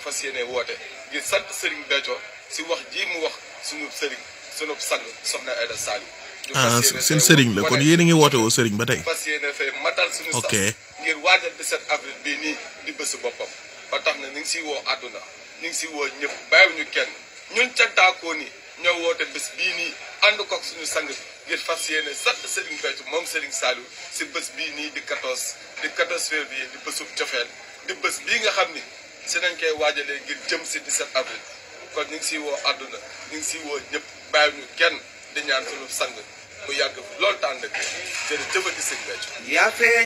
fas wote woote ngir sant Serigne bejo ci wax ji mu wax suñu Serigne suñu sang soxna ayda sali ah sen Serigne la kon yeene ngi wote wo Serigne ba tay fas yéene fay matal suñu sax ngir waajal 17 avril bi ni di beus bopam ba tax na ñu ngi ci wo aduna ñu ngi wo ñepp bayu ñu kenn ñun cantaakoo ni ñoo wote bes bi ni and ko suñu sang ngir fas yéene Serigne bejo mom Serigne salu ci bes bi ni di 14 di 14 février di bésub cofeel di bes bi nga xamni si nañ koy waajalee ngir jëm si 17 avril kon ñu ngi siy woo àdduna ñu ngi siy woo ñëpp bàyyi ñu kenn di ñaan sang mu yàgg lool tànn ak jërëjëf a si sëñ